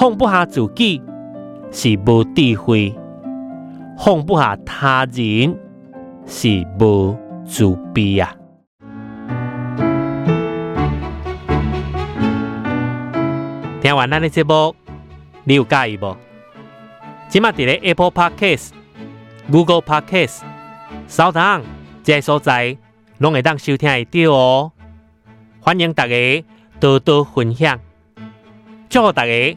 放不下自己是冇智慧，放不下他人是冇慈悲呀。聽完呢個節目，你有介意冇？即 Apple Podcast、Google Podcast、Soundon 這些所在，攏會當收聽得到哦。歡迎大家多多分享，祝大家